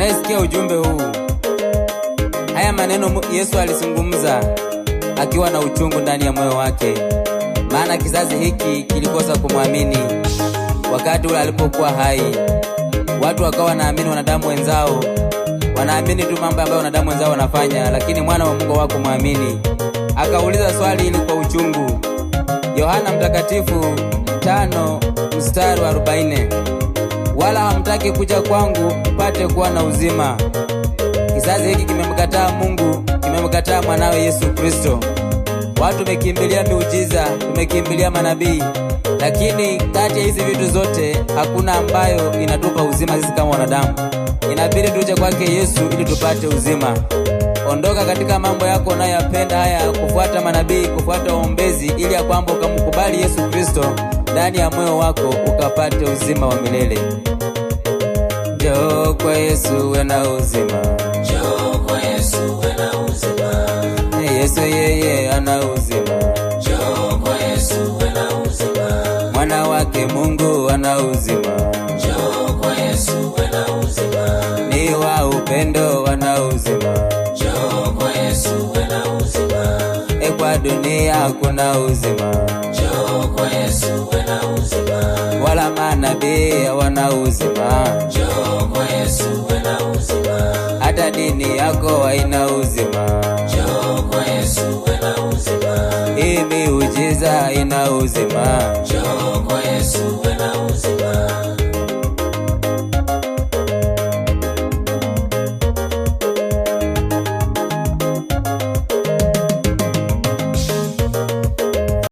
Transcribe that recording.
Unayesikia ujumbe huu, haya maneno Yesu alizungumza akiwa na uchungu ndani ya moyo wake, maana kizazi hiki kilikosa kumwamini wakati ule alipokuwa hai. Watu wakawa wanaamini wanadamu wenzao, wanaamini tu mambo ambayo wanadamu wenzao wanafanya, lakini mwana wa Mungu hawakumwamini. Akauliza swali hili kwa uchungu, Yohana Mtakatifu tano mstari wa hataki kuja kwangu upate kuwa na uzima. Kizazi hiki kimemkataa Mungu, kimemkataa mwanawe Yesu Kristo. Watu umekimbilia miujiza, tumekimbilia manabii, lakini kati ya hizi vitu zote hakuna ambayo inatupa uzima sisi kama wanadamu. Inabidi tuje kwake Yesu ili tupate uzima. Ondoka katika mambo yako unayoyapenda haya, kufuata manabii, kufuata uombezi ili ya kwamba ukamkubali Yesu Kristo ndani ya moyo wako ukapate uzima wa milele. Njoo kwa Yesu wena uzima, Yesu yeye ana uzima, Mwana wake Mungu ana uzima, uzima. Ni wa upendo wana uzima, kwa Yesu uzima. E, kwa dunia kuna uzima, manabii hawana uzima, Yesu Hata dini yako haina uzima, Yesu Hii miujiza haina uzima,